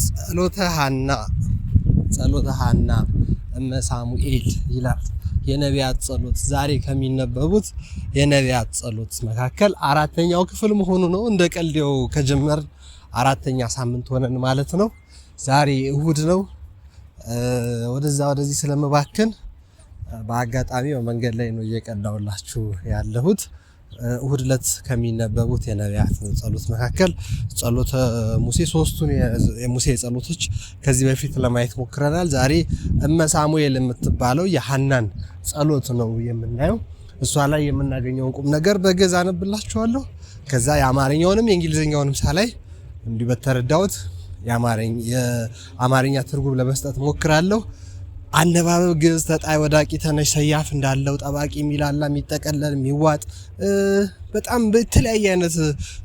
ጸሎተ ሐና ጸሎተ ሐና እመ ሳሙኤል ይላል። የነቢያት ጸሎት ዛሬ ከሚነበቡት የነቢያት ጸሎት መካከል አራተኛው ክፍል መሆኑ ነው። እንደ ቀልዴው ከጀመር አራተኛ ሳምንት ሆነን ማለት ነው። ዛሬ እሁድ ነው። ወደዛ ወደዚህ ስለመባክን በአጋጣሚ በመንገድ ላይ ነው እየቀዳውላችሁ ያለሁት። እሁድ ዕለት ከሚነበቡት የነቢያት ጸሎት መካከል ጸሎተ ሙሴ ሶስቱን የሙሴ ጸሎቶች ከዚህ በፊት ለማየት ሞክረናል። ዛሬ እመ ሳሙኤል የምትባለው የሀናን ጸሎት ነው የምናየው። እሷ ላይ የምናገኘውን ቁም ነገር በግዕዝ አነብላችኋለሁ። ከዛ የአማርኛውንም የእንግሊዝኛውንም ሳላይ እንዲህ በተረዳሁት የአማርኛ ትርጉም ለመስጠት ሞክራለሁ። አነባበብ ግዕዝ ተጣይ ወዳቂ ተነሽ ሰያፍ እንዳለው ጠባቂ የሚላላ የሚጠቀለል የሚዋጥ በጣም በተለያየ አይነት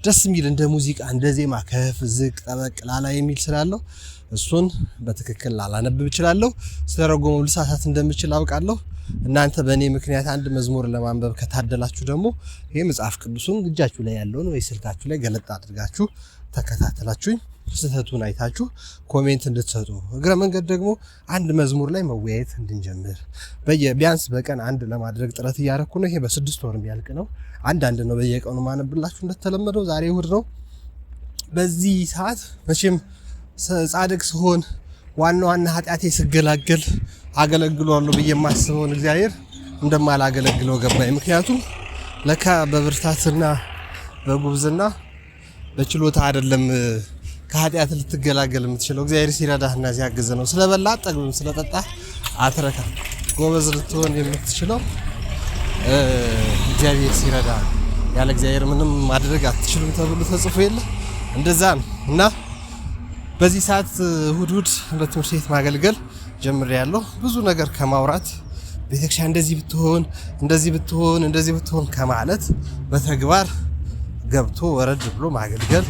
ደስ የሚል እንደ ሙዚቃ እንደ ዜማ ከፍ ዝቅ ጠበቅ ላላ የሚል ስላለው እሱን በትክክል ላላነብብ እችላለሁ። ስለ ልሳሳት እንደምችል አውቃለሁ። እናንተ በእኔ ምክንያት አንድ መዝሙር ለማንበብ ከታደላችሁ ደግሞ ይህ መጽሐፍ ቅዱሱን እጃችሁ ላይ ያለውን ወይ ስልካችሁ ላይ ገለጥ አድርጋችሁ ተከታተላችሁኝ ስህተቱን አይታችሁ ኮሜንት እንድትሰጡ፣ እግረ መንገድ ደግሞ አንድ መዝሙር ላይ መወያየት እንድንጀምር ቢያንስ በቀን አንድ ለማድረግ ጥረት እያደረኩ ነው። ይሄ በስድስት ወር የሚያልቅ ነው። አንድ አንድ ነው በየቀኑ ማነብላችሁ እንደተለመደው። ዛሬ እሑድ ነው። በዚህ ሰዓት መቼም ጻድቅ ስሆን ዋና ዋና ኃጢአቴ ስገላገል አገለግሏለሁ ብዬ የማስበውን እግዚአብሔር እንደማላገለግለው ገባኝ። ምክንያቱም ለካ በብርታትና በጉብዝና በችሎታ አይደለም ከኃጢአት ልትገላገል የምትችለው እግዚአብሔር ሲረዳህና ሲያግዝ ነው። ስለበላ ጠግብም ስለጠጣ አትረካ። ጎበዝ ልትሆን የምትችለው እግዚአብሔር ሲረዳ፣ ያለ እግዚአብሔር ምንም ማድረግ አትችሉም ተብሎ ተጽፎ የለ እንደዛ ነው እና በዚህ ሰዓት እሁድ እሁድ በትምህርት ቤት ማገልገል ጀምር ያለው ብዙ ነገር ከማውራት ቤተክርስቲያን እንደዚህ ብትሆን እንደዚህ ብትሆን እንደዚህ ብትሆን ከማለት በተግባር ገብቶ ወረድ ብሎ ማገልገል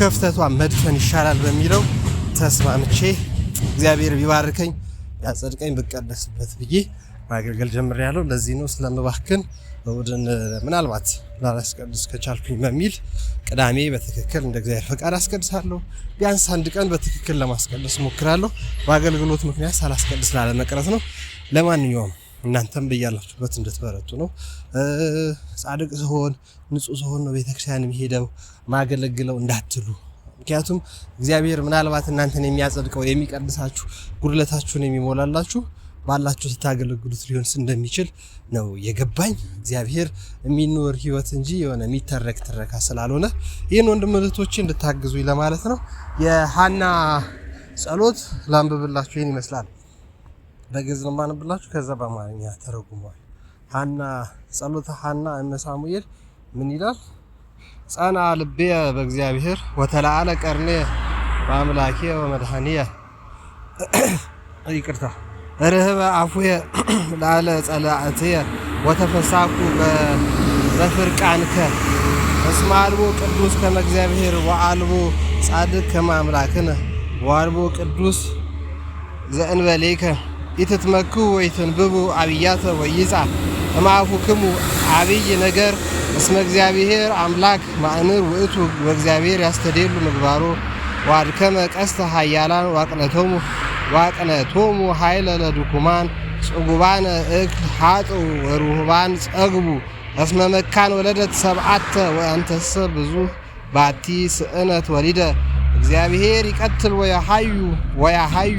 ክፍተቷ መድፈን ይሻላል በሚለው ተስማምቼ እግዚአብሔር ቢባርከኝ ያጸድቀኝ ብቀደስበት ብዬ ማገልገል ያለው ለዚህ ነው ስለምባክን እሑድን ምናልባት ላላስቀድስ ከቻልኩኝ በሚል ቅዳሜ በትክክል እንደ እግዚአብሔር ፈቃድ አስቀድሳለሁ። ቢያንስ አንድ ቀን በትክክል ለማስቀደስ እሞክራለሁ። በአገልግሎት ምክንያት ሳላስቀድስ ላለመቅረት ነው። ለማንኛውም እናንተም በያላችሁበት እንድትበረቱ ነው። ጻድቅ ስሆን ንጹህ ስሆን ነው ቤተክርስቲያን የሚሄደው ማገለግለው እንዳትሉ። ምክንያቱም እግዚአብሔር ምናልባት እናንተን የሚያጸድቀው የሚቀድሳችሁ፣ ጉድለታችሁን የሚሞላላችሁ ባላችሁ ስታገለግሉት ሊሆን እንደሚችል ነው የገባኝ። እግዚአብሔር የሚኖር ህይወት እንጂ የሆነ የሚተረክ ትረካ ስላልሆነ ይህን ወንድም እህቶቼ እንድታግዙኝ ለማለት ነው። የሀና ጸሎት ላንብብላችሁ። ይህን ይመስላል። በግዕዝ ነው የማነብላችሁ። ከዛ በአማርኛ ተረጉሟል። ሀና ጸሎተ ሀና እመ ሳሙኤል ምን ይላል? ጸና ልቤ በእግዚአብሔር ወተላአለ ቀርኔ በአምላኬ ወመድኃኒየ ይቅርታ ርህበ አፉየ ላለ ጸላእትየ ወተፈሳኩ በፍርቃንከ እስመ አልቦ ቅዱስ ከመ እግዚአብሔር ወአልቦ ጻድቅ ከመ አምላክነ ወአልቦ ቅዱስ ዘእንበሌከ ኢትትመኩ ወይትንብቡ አብያተ ወይጻፍ እምአፉክሙ አብይ ነገር እስመ እግዚአብሔር አምላክ ማእንር ውእቱ በእግዚአብሔር ያስተደሉ ምግባሮ ዋድከመ ቀስተ ሃያላን ዋቅነቶሙ ሃይለ ለድኩማን ጽጉባነ እክል ሓጡ ወርሁባን ጸግቡ እስመ መካን ወለደት ሰብዓተ ወእንተሰ ብዙ ባቲ ስእነት ወሊደ እግዚአብሔር ይቀትል ወያ ወያሐዩ ወያሐዩ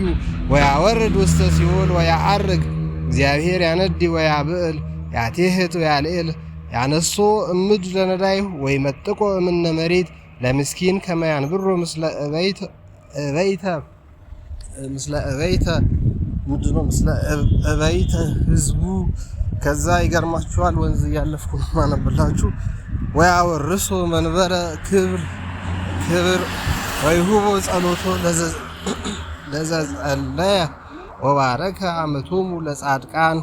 ወያወርድ ውስተ ሲኦል አርግ እግዚአብሔር ያነዲ ብዕል፣ ያቴህት ወያ ልዕል ያነሶ እምድ ለነዳይሁ ወይመጥቆ እምነ መሬት ለምስኪን ከመ ያንብሮ ምስለ እበይተ ምንድን ነው? ምስለ እበይተ ህዝቡ። ከዛ ይገርማችኋል፣ ወንዝ እያለፍኩ ማነብላችሁ። ወያወርሶ መንበረ ክብር ክብር ወይሁቡ ጸሎቱ ለዘጸለየ ወባረከ አመቶሙ ለጻድቃን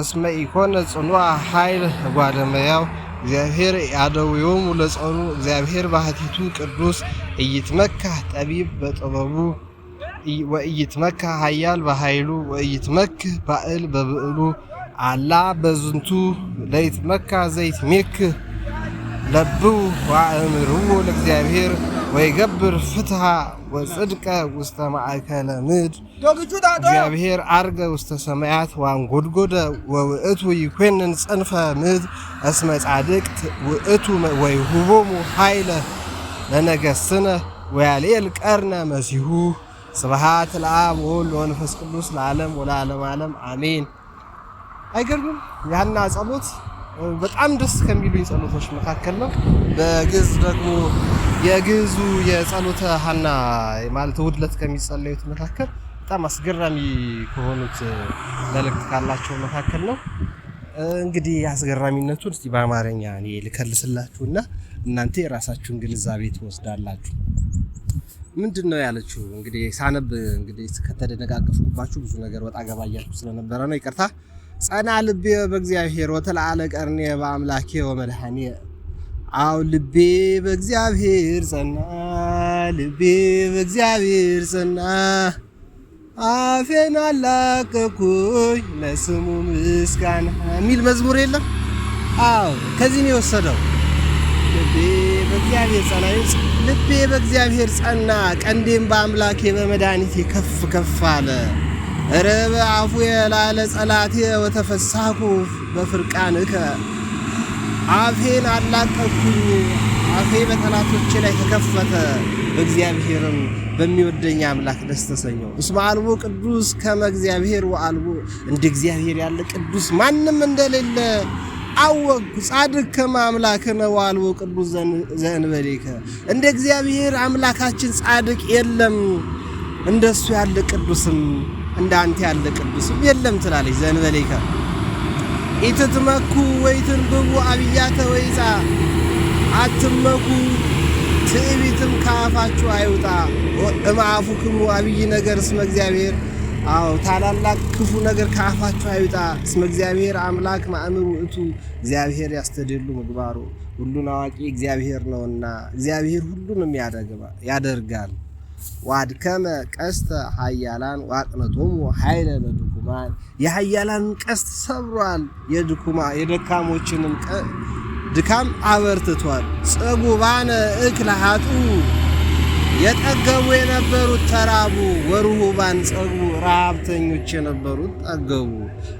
እስመ ኢኮነ ጽኑዕ ኃይል ጓደመያው እግዚአብሔር ያደውዮሙ ለጸኑ እግዚአብሔር ባህቲቱ ቅዱስ እይትመካ ጠቢብ በጥበቡ ወእይትመካ ኃያል በኃይሉ ወእይትመክህ ባእል በብዕሉ አላ በዝንቱ ለይትመካ ዘይትሜክህ ለብው ዋእምርዎ ለእግዚአብሔር ወይገብር ፍትሃ ወጽድቀ ውስተ ማእከለ ምድ እግዚአብሔር አርገ ውስተ ሰማያት ዋንጎድጎደ ወውእቱ ይኮንን ጽንፈ ምድ እስመ ጻድቅት ውእቱ ወይሁቦሙ ኃይለ ለነገሥነ ወያሌል ቀርነ መሲሁ። ስብሃት ለአብ ወወልድ ወመንፈስ ቅዱስ ለዓለም ወለዓለመ ዓለም አሜን። አይገርምም? ያና ጸሎት በጣም ደስ ከሚሉኝ ጸሎቶች መካከል ነው። በግዕዝ ደግሞ የግዕዙ የጸሎተ ሐና ማለት ውድለት ከሚጸለዩት መካከል በጣም አስገራሚ ከሆኑት መልእክት ካላቸው መካከል ነው። እንግዲህ አስገራሚነቱን እስቲ በአማርኛ እኔ ልከልስላችሁ እና እናንተ የራሳችሁን ግንዛቤ ትወስዳላችሁ። ምንድን ነው ያለችው? እንግዲህ ሳነብ እንግዲህ ከተደነቃቀፍኩባችሁ ብዙ ነገር ወጣ ገባ እያልኩ ስለነበረ ነው ይቅርታ። ጸና ልቤ በእግዚአብሔር ወተለዓለ ቀርኔ በአምላኬ ወመድኃኔ። አው ልቤ በእግዚአብሔር ጸና፣ ልቤ በእግዚአብሔር ጸና፣ አፌን አላቀኩኝ ለስሙ ምስጋና የሚል መዝሙር የለም? አው ከዚህ ነው የወሰደው። ልቤ በእግዚአብሔር ልቤ በእግዚአብሔር ጸና፣ ቀንዴም በአምላኬ በመድኃኒቴ ከፍ ከፍ አለ። ርብ አፉ የላለ ጸላቴ ወተፈሳኩ በፍርቃንከ አፌን አላቀኩኝ። አፌ በጠላቶች ላይ ተከፈተ፣ በእግዚአብሔርም በሚወደኝ አምላክ ደስ ተሰኘው። እስመ አልቦ ቅዱስ ከመ እግዚአብሔር ወአልቦ፣ እንደ እግዚአብሔር ያለ ቅዱስ ማንም እንደሌለ አወቅኩ። ጻድቅ ከመ አምላክነ ወአልቦ ቅዱስ ዘእንበሌከ፣ እንደ እግዚአብሔር አምላካችን ጻድቅ የለም እንደሱ ያለ ቅዱስም እንደ አንተ ያለ ቅዱስም የለም ትላለች። ዘንበሌከ ኢትትመኩ ወይትንብቡ አብያተ ወይፃ አትመኩ ትዕቢትም ከአፋችሁ አይውጣ። እምአፉክሙ አብይ ነገር እስመ እግዚአብሔር። አዎ ታላላቅ ክፉ ነገር ከአፋችሁ አይውጣ። እስመ እግዚአብሔር አምላክ ማእምር እቱ እግዚአብሔር ያስተደሉ ምግባሩ። ሁሉን አዋቂ እግዚአብሔር ነውና እግዚአብሔር ሁሉንም ያደርጋል። ዋድከመ ቀስተ ኃያላን ዋቅነቶሙ ኃይለ ለድኩማን የኃያላንን ቀስት ሰብሯል፣ የደካሞችንም ድካም አበርትቷል። ጽጉባነ እክለ ኃጡ የጠገቡ የነበሩት ተራቡ፣ ወርሁባን ጸጉ ረሃብተኞች የነበሩት ጠገቡ።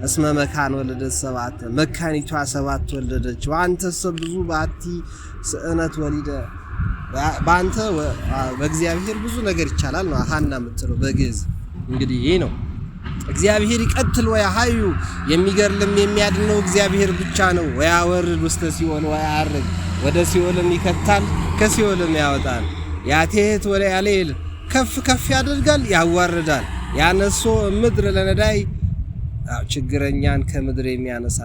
እስመ መካን ወለደት ሰባት መካኒቷ ሰባት ወለደች። አንተሰ ብዙ ባቲ ስእነት ወሊደ በአንተ በእግዚአብሔር ብዙ ነገር ይቻላል ነው ሀና የምትለው በግዕዝ እንግዲህ ይህ ነው። እግዚአብሔር ይቀትል ወያሀዩ የሚገርልም የሚያድነው እግዚአብሔር ብቻ ነው። ወያወርድ ውስተ ሲኦል ወያአርግ ወደ ሲኦልም ይከታል ከሲኦልም ያወጣል። ያቴት ያሌል ከፍ ከፍ ያደርጋል ያዋርዳል። ያነሶ ምድር ለነዳይ ችግረኛን ከምድር የሚያነሳ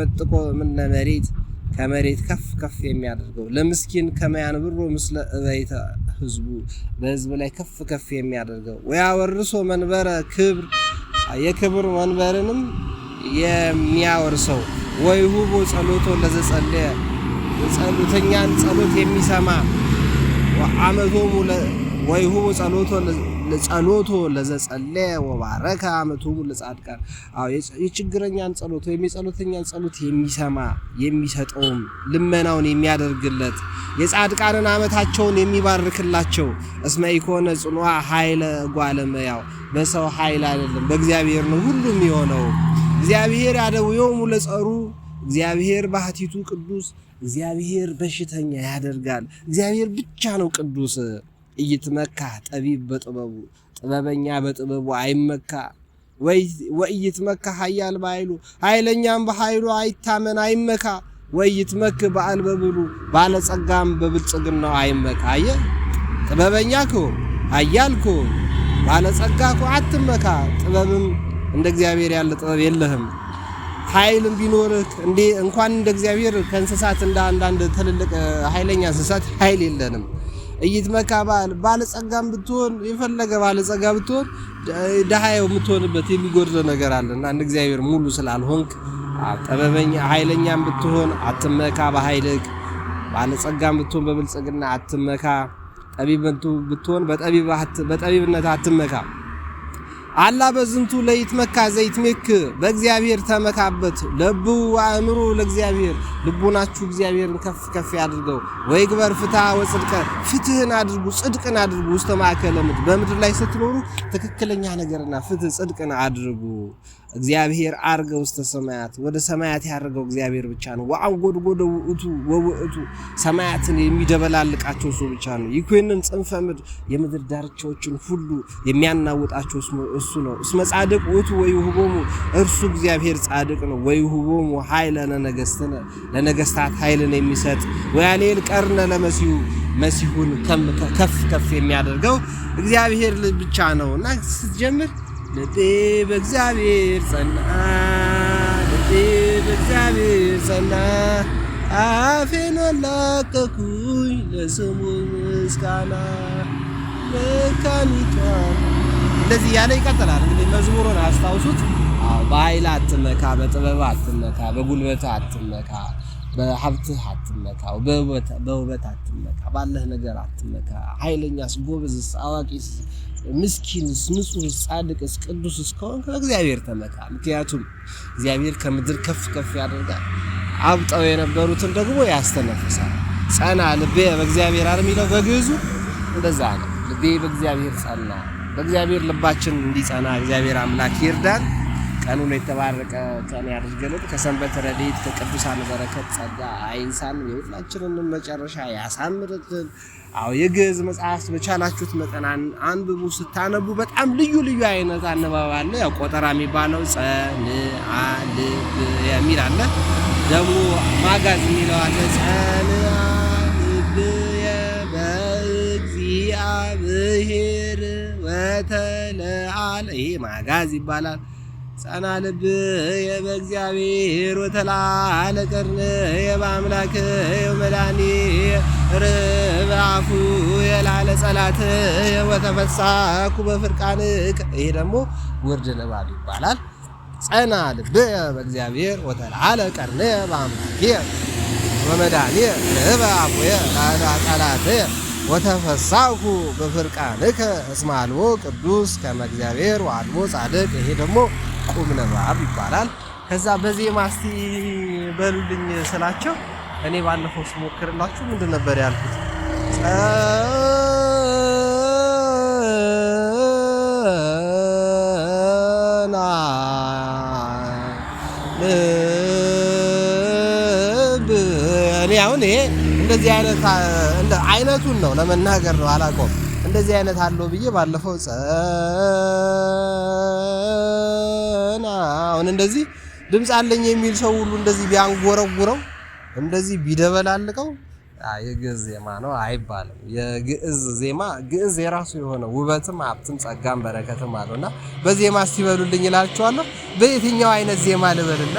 መጥቆ ምነ መሬት ከመሬት ከፍ ከፍ የሚያደርገው ለምስኪን ከመያን ብሮ ምስለ እበይተ ህዝቡ በህዝብ ላይ ከፍ ከፍ የሚያደርገው ወያወርሶ መንበረ ክብር የክብር መንበርንም የሚያወርሰው ወይ ሁቦ ጸሎቶ ለዘጸለየ ጸሎተኛን ጸሎት የሚሰማ ወአመቶሙ ወይሁቦ ጸሎቶ ለጸሎቶ ለዘጸለየ ወባረከ አመቱ ለጻድቃን። አዎ የችግረኛን ጸሎት ወይም የጸሎተኛን ጸሎት የሚሰማ የሚሰጠውም ልመናውን የሚያደርግለት የጻድቃንን አመታቸውን የሚባርክላቸው እስመ ኢኮነ ጽኑዓ ኃይለ ጓለመያው በሰው ኃይል አይደለም በእግዚአብሔር ነው ሁሉም የሆነው። እግዚአብሔር ያደውየውሙ ለጸሩ እግዚአብሔር ባህቲቱ ቅዱስ እግዚአብሔር በሽተኛ ያደርጋል። እግዚአብሔር ብቻ ነው ቅዱስ። እይትመካ ጠቢብ በጥበቡ ጥበበኛ በጥበቡ አይመካ ወእይትመካ ሀያል በኃይሉ ኃይለኛም በኃይሉ አይታመን አይመካ ወእይትመክ በዓል በብሉ ባለጸጋም በብልጽግናው አይመካ። አየህ ጥበበኛ ክሆን ኃያል ክሆን ባለጸጋ ክሆን አትመካ። ጥበብም እንደ እግዚአብሔር ያለ ጥበብ የለህም። ኃይልም ቢኖርህ እንዴ እንኳን እንደ እግዚአብሔር ከእንስሳት እንደ አንዳንድ ትልልቅ ኃይለኛ እንስሳት ኃይል የለንም። እይትመካ ባል ባለጸጋም ብትሆን የፈለገ ባለጸጋ ብትሆን ድሃ የምትሆንበት የሚጎድል ነገር አለና እንደ እግዚአብሔር ሙሉ ስላልሆንክ ጠበበኛ ኃይለኛም ብትሆን አትመካ በኃይልክ ባለጸጋም ብትሆን በብልጽግና አትመካ ጠቢብ ብትሆን በጠቢብነት አትመካ አላ በዝንቱ ለይትመካ ዘይትሜክ በእግዚአብሔር ተመካበት ለቡ አእምሩ ለእግዚአብሔር ልቡናችሁ እግዚአብሔርን ከፍ ከፍ ያድርገው። ግበር ፍትሐ ወጽድቀ ፍትህን አድርጉ ጽድቅን አድርጉ ውስተ ማእከለ ምድር በምድር ላይ ስትኖሩ ትክክለኛ ነገርና ፍትህ ጽድቅን አድርጉ። እግዚአብሔር አርገ ውስተ ሰማያት ወደ ሰማያት ያደርገው እግዚአብሔር ብቻ ነው። ወአን ጎድጎደ ውእቱ ወውእቱ ሰማያትን የሚደበላልቃቸው እሱ ብቻ ነው። ይኩንን ጽንፈ ምድር የምድር ዳርቻዎችን ሁሉ የሚያናውጣቸው እሱ ነው። እስመ ጻድቅ ውእቱ ወይሁቦሙ እርሱ እግዚአብሔር ጻድቅ ነው። ወይሁቦሙ ኃይለነ ነገሥትነ ለነገሥታት ኃይልን የሚሰጥ ወያሌል ቀርነ ለመሲሁ መሲሁን ከፍ ከፍ የሚያደርገው እግዚአብሔር ብቻ ነው እና ስትጀምር ልቤ በእግዚአብሔር ጸና፣ ልቤ በእግዚአብሔር ጸና፣ አፌን አላቀኩኝ ለስሙ ምስጋና መካኒቷ እንደዚህ ያለ ይቀጥላል። እንግዲህ መዝሙሩን አስታውሱት። በኃይል አትመካ፣ በጥበብ አትመካ፣ በጉልበት አትመካ፣ በሀብትህ አትመካ፣ በውበት አትመካ፣ ባለህ ነገር አትመካ። ኃይለኛስ፣ ጎበዝስ፣ አዋቂስ፣ ምስኪንስ፣ ንጹሕስ፣ ጻድቅስ፣ ቅዱስስ ከሆንክ በእግዚአብሔር ተመካ። ምክንያቱም እግዚአብሔር ከምድር ከፍ ከፍ ያደርጋል፣ አብጠው የነበሩትን ደግሞ ያስተነፍሳል። ጸና ልቤ በእግዚአብሔር አር የሚለው በግዕዙ እንደዛ ነው። ልቤ በእግዚአብሔር ጸና በእግዚአብሔር ልባችን እንዲጸና እግዚአብሔር አምላክ ይርዳን። ቀኑን የተባረቀ ቀን ያድርገልን። ከሰንበት ረድኤት ከቅዱሳን በረከት ጸጋ አይንሳን። የሁላችንንም መጨረሻ ያሳምርልን። አዎ የግዕዝ መጽሐፍት በቻላችሁት መጠናን አንብቡ። ስታነቡ በጣም ልዩ ልዩ አይነት አነባብ አለ። ያው ቆጠራ የሚባለው ጸንአልብ የሚል አለ። ደግሞ ማጋዝ የሚለው አለ። ጸንአልብ በእግዚአብሔር መተለአል ይሄ ማጋዝ ይባላል። ጸና ልብ የበእግዚአብሔር ወተላለ ቀርን የበአምላክ የመዳኒ ርብአፉ የላለ ጸላት ወተፈሳኩ በፍርቃን ይሄ ደግሞ ውርድ ልባል ይባላል። ጸና ልብ በእግዚአብሔር ወተላለ ቀርን በአምላክ ወመዳኒ ርብአፉ የላለ ጸላት ወተፈሳሁ በፍርቃንከ እስመ አልቦ ቅዱስ ከመ እግዚአብሔር ወአልቦ ጻድቅ። ይሄ ደግሞ ቁም ንባብ ይባላል። ከዛ በዜማ እስቲ በሉልኝ ስላቸው እኔ ባለፈው ስሞክርላችሁ ምንድን ነበር ያልኩት? ይሄ እንደዚህ አይነት አይነቱን ነው ለመናገር ነው አላውቀውም። እንደዚህ አይነት አለው ብዬ ባለፈው ጸና አሁን እንደዚህ ድምፅ አለኝ የሚል ሰው ሁሉ እንደዚህ ቢያንጎረጉረው እንደዚህ ቢደበላልቀው የግዕዝ ዜማ ነው አይባልም። የግዕዝ ዜማ ግዕዝ የራሱ የሆነ ውበትም ሀብትም ጸጋም በረከትም አለው እና በዜማ ሲበሉልኝ ይላችኋለሁ። በየትኛው አይነት ዜማ ልበልና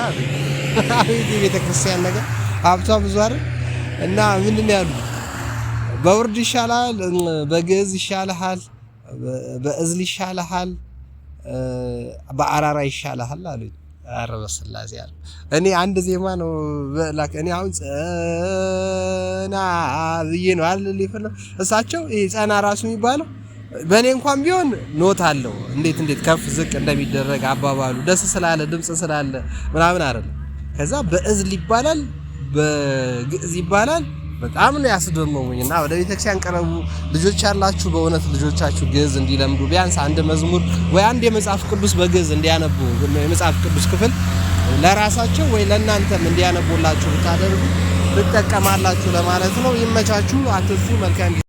ቤተክርስቲያን ነገር ሀብቷ ብዙ አይደል እና ምንድን ያሉ በውርድ ይሻላል፣ በግዕዝ ይሻልሃል፣ በእዝል ይሻልሃል፣ በአራራ ይሻልሃል አሉ። ኧረ በስላሴ አሉ። እኔ አንድ ዜማ ነው በላክ እኔ አሁን ጸና ብዬ ነው አለ ሊፈለ እሳቸው ይሄ ጸና ራሱ የሚባለው በእኔ እንኳን ቢሆን ኖት አለው። እንዴት እንዴት ከፍ ዝቅ እንደሚደረግ አባባሉ ደስ ስላለ ድምፅ ስላለ ምናምን አይደለም። ከዛ በእዝል ይባላል በግዕዝ ይባላል። በጣም ነው ያስደመሙኝ እና ወደ ቤተክርስቲያን ቀረቡ። ልጆች ያላችሁ በእውነት ልጆቻችሁ ግዕዝ እንዲለምዱ ቢያንስ አንድ መዝሙር ወይ አንድ የመጽሐፍ ቅዱስ በግዕዝ እንዲያነቡ የመጽሐፍ ቅዱስ ክፍል ለራሳቸው ወይ ለእናንተም እንዲያነቡላችሁ ብታደርጉ ትጠቀማላችሁ ለማለት ነው። ይመቻችሁ። አትሱ መልካም